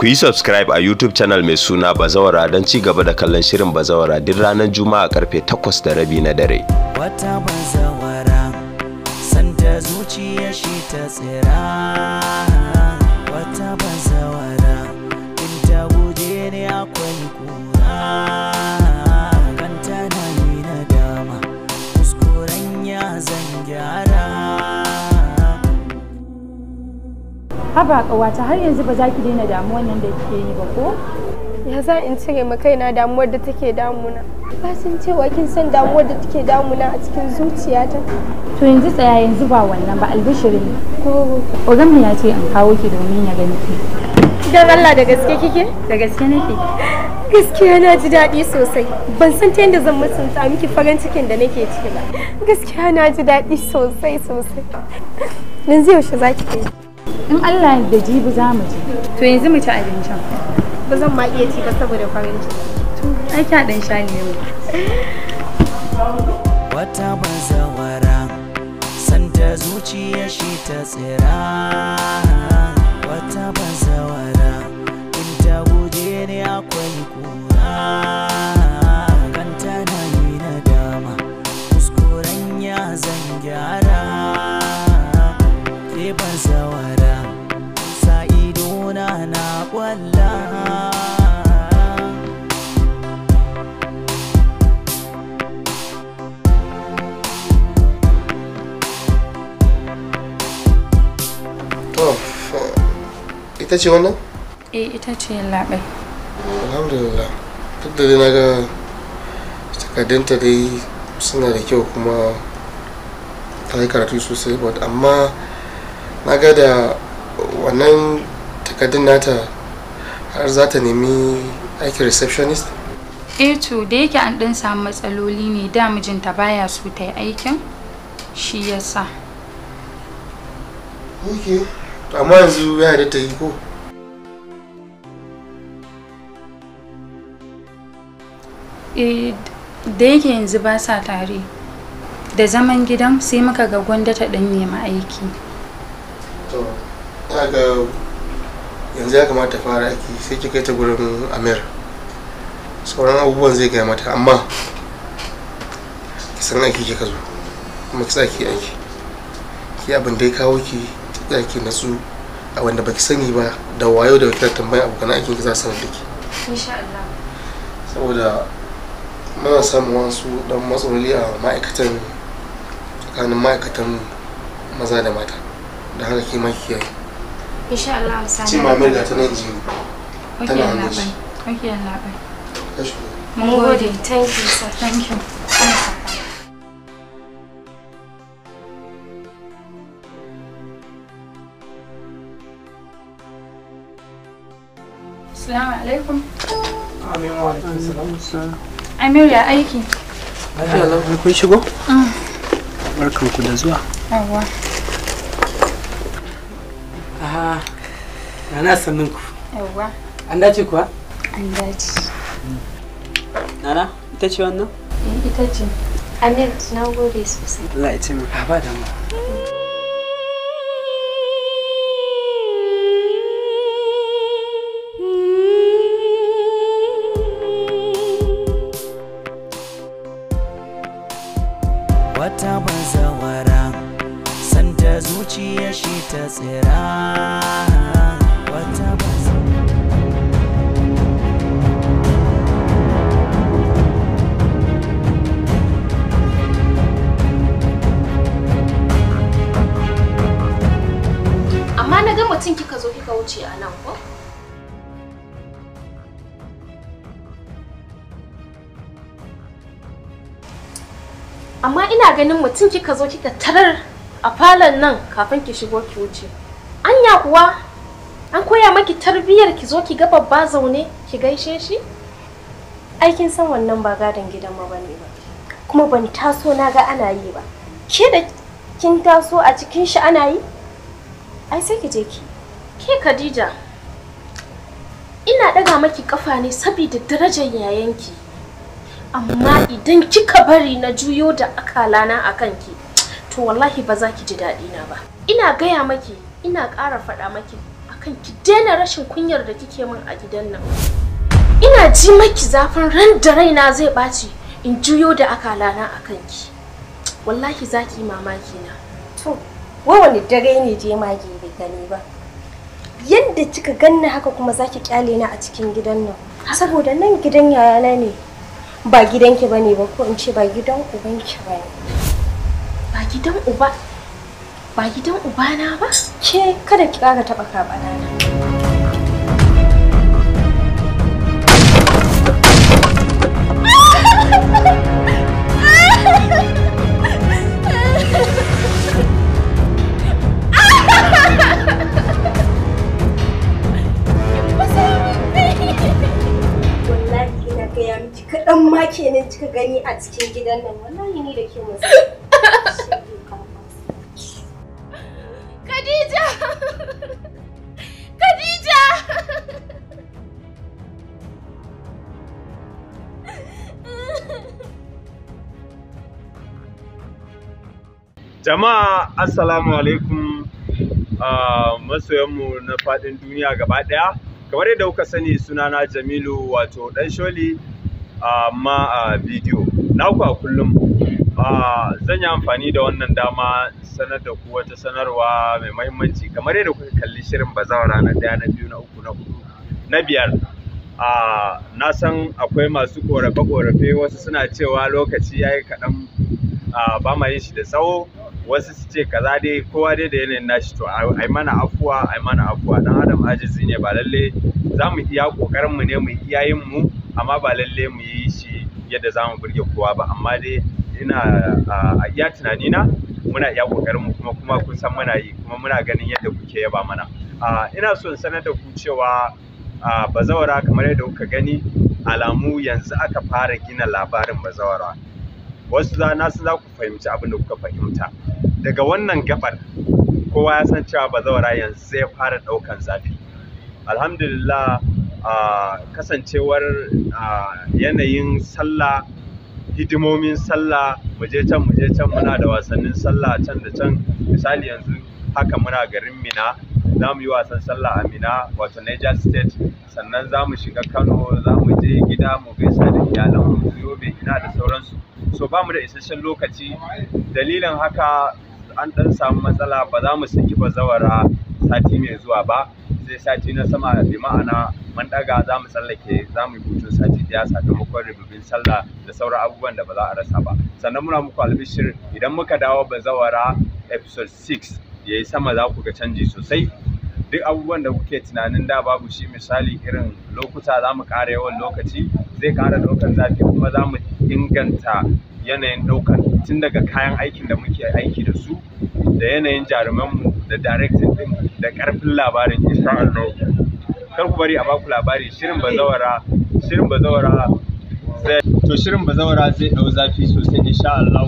Ku yi subscribe a YouTube channel mai suna Bazawara don ci gaba da kallon shirin Bazawara duk ranar Juma'a karfe 8 da rabi na dare. Wata bazawara, santa zuciya shi ta tsira. haba ƙawata har yanzu ba za ki daina damuwa nan da kike yi ba ko ya za in cire ma kaina damuwar da take damuna ba san cewa kin san damuwar da take damuna a cikin zuciyata to yanzu tsaya yanzu ba wannan ba albishirin ko oh. ogan ya ce in kawo ki domin ya gani ki dan Allah da gaske kike da gaske nake gaskiya na ji daɗi sosai ban san ta yadda zan mutunta miki farin cikin da nake ciki ba gaskiya na ji daɗi sosai sosai yanzu yaushe za ki kai in Allah da jibi za mu je to yanzu mu ci abincin ba zan ma iya ci ba saboda farin ciki to ai ka dan sha ne mu wata bazawara santa zuciya shi ta tsira wata bazawara in ta guje ne akwai kura kanta na yi nadama kuskuren ya zan gyara ke bazawara ita ce wannan eh ita ce labai alhamdulillah duk da na ga takardunta dai suna da kyau kuma ta yi karatu sosai but amma na ga da wannan takardun nata har za ta nemi aikin receptionist eh to da yake an ɗin samu matsaloli ne da mijinta baya so ta yi aikin shi yasa okay to amma yanzu ya da ta yi ko eh, da yake yanzu ba sa tare da zaman gidan sai muka ga gwanda ta dan nema aiki to ga yanzu ya kamata fara aiki sai ki kai ta gurin amir sauran abubuwan zai gaya mata amma ki san aiki kika zo kuma ki tsaki aiki ki abin da ya kawo ki tsaya na natsu a wanda baki sani ba da wayo da kika tambaya abokan aikin ki za sanar da ke saboda muna samun wasu dan matsaloli a ma'aikatan tsakanin ma'aikatan maza da mata da haka ke maki kiyaye insha Allah sai mamar da ta nan ji tana hannun shi mun gode thank you sir thank you Assalamu alaikum. Amin wa alaikum salam. Amir ya aiki. kun shigo? Barkan ku da zuwa. Yawwa. Aha. Nana sannin ku. Yawwa. An dace kuwa? An dace. Nana, ita ce wannan? Eh, ita ce. Amir, na gode sosai. Allah ya ce mu. Ba da mu. wuce a nan ko? Amma ina ganin mutum kika zo kika tarar a falon nan kafin ki shigo ki wuce. Anya kuwa an koya maki tarbiyyar ki zo ki ga babba zaune ki gaishe shi? Aikin san wannan ba gadon gidan ma bane ba. Kuma ban taso na ga ana yi ba. Ke da kin taso a cikin shi ana yi? Ai sai ki je ki. Ke Khadija, ina ɗaga maki ƙafa ne saboda darajar yayanki. Amma idan kika bari na juyo da akalana a kanki, to wallahi ba za ki ji daɗina na ba. Ina gaya maki, ina ƙara faɗa maki akan ki daina rashin kunyar da kike min a gidan nan. Ina ji maki zafin ran da raina zai ɓaci in juyo da akalana a kanki. Wallahi za ki yi mamaki na. To, wani dare ne je ma bai gani ba. yadda kika ganna haka kuma zaki kyale na a cikin gidan nan saboda nan gidan yayana ne ba gidanki bane ba ko in ce ba gidan ubanki bane ba gidan uba ba gidan uba na ba ke kada ki kara taba kabana na gani a cikin gidan nan wallahi ni da ke musu Khadija Khadija Jama'a assalamu alaikum ah, masoyanmu na faɗin duniya gaba ɗaya kamar yadda kuka sani sunana Jamilu wato ɗan sholi ma a bidiyo naku a kullum zan yi amfani da wannan dama sanar da ku wata sanarwa mai mahimmanci kamar yadda kuka kalli shirin bazawara na ɗaya na biyu na uku na na biyar na san akwai masu ƙorafe-ƙorafe wasu suna cewa lokaci ya yi kaɗan ba ma yin shi da tsawo wasu su ce kaza dai kowa dai da yanayin nashi to ai mana afuwa ai mana afuwa dan adam ajizi ne ba lalle za mu iya kokarin ne mu iya yin mu amma ba lalle mu yi shi yadda za mu burge kowa ba amma dai ina a iya na muna iya ƙoƙarin mu kuma kuma kun san muna yi kuma muna ganin yadda kuke yaba mana ina son sanar da ku cewa bazawara kamar yadda kuka gani alamu yanzu aka fara gina labarin bazawara wasu za na za ku fahimci abin da kuka fahimta daga wannan gabar kowa ya san cewa bazawara yanzu zai fara ɗaukan zafi alhamdulillah a kasancewar yanayin sallah hidimomin sallah muje can muje can muna da wasannin sallah can da can misali yanzu haka muna garin Mina za mu yi wasan sallah a Mina wato Niger State sannan za mu shiga Kano za mu je gida mu gaisa da iyalan mu Yobe ina da sauransu so ba mu da isasshen lokaci dalilin haka an ɗan samu matsala ba za mu saki bazawara sati mai zuwa ba sai sati na sama bi ma'ana mun ɗaga za mu tsallake za mu yi hutun sati ɗaya sakamakon rububin sallah da sauran abubuwan da ba za a rasa ba sannan muna muku albishir idan muka dawo ba bazawara episode 6 ya yi sama za ku ga canji sosai duk abubuwan da kuke tunanin da babu shi misali irin lokuta za mu ƙara yawan lokaci zai ƙara ɗaukar zafi kuma za mu inganta yanayin ɗaukan tun daga kayan aikin da muke aiki da su da yanayin jarumanmu da directing ɗin da ƙarfin labarin insha Allah kar ku bari a baku labari shirin bazawara shirin bazawara zai to shirin bazawara zai dau zafi sosai insha Allah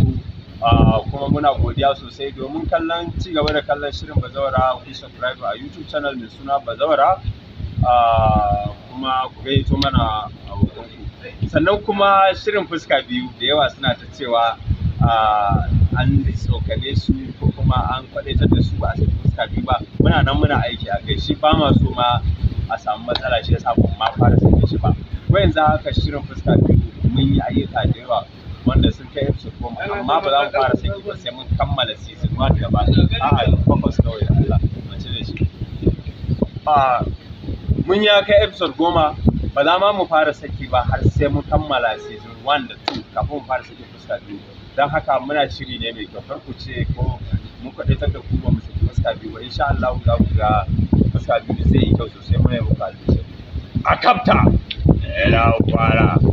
ah, kuma muna godiya sosai domin kallon ci gaba da kallon shirin bazawara ku subscribe a YouTube channel mai suna bazawara ah, kuma ku gaito mana abokanku sannan kuma shirin fuska biyu da yawa suna ta cewa ah, an tsokane su ko kuma an kwadaitar da su ba a saki fuska biyu ba muna nan muna aiki a kai shi ba ma ma a samu matsala shi yasa ban ma fara sanya shi ba ko yanzu haka shirin fuska biyu mun yi ayyuka da yawa wanda sun kai su goma amma ba za mu fara saki ba sai mun kammala season one gaba a'a bakwas kawai da Allah mu cire shi a mun ya kai episode goma ba za ma mu fara saki ba har sai mun kammala season one da two kafin mu fara saki fuska biyu don haka muna shiri ne mai kyau kar ku ce ko mun kwaɗaitar da ku ba mu saki fuska biyu ba insha Allah za ku ga sa biyu zai yi kyau sosai muna yi muku albishir a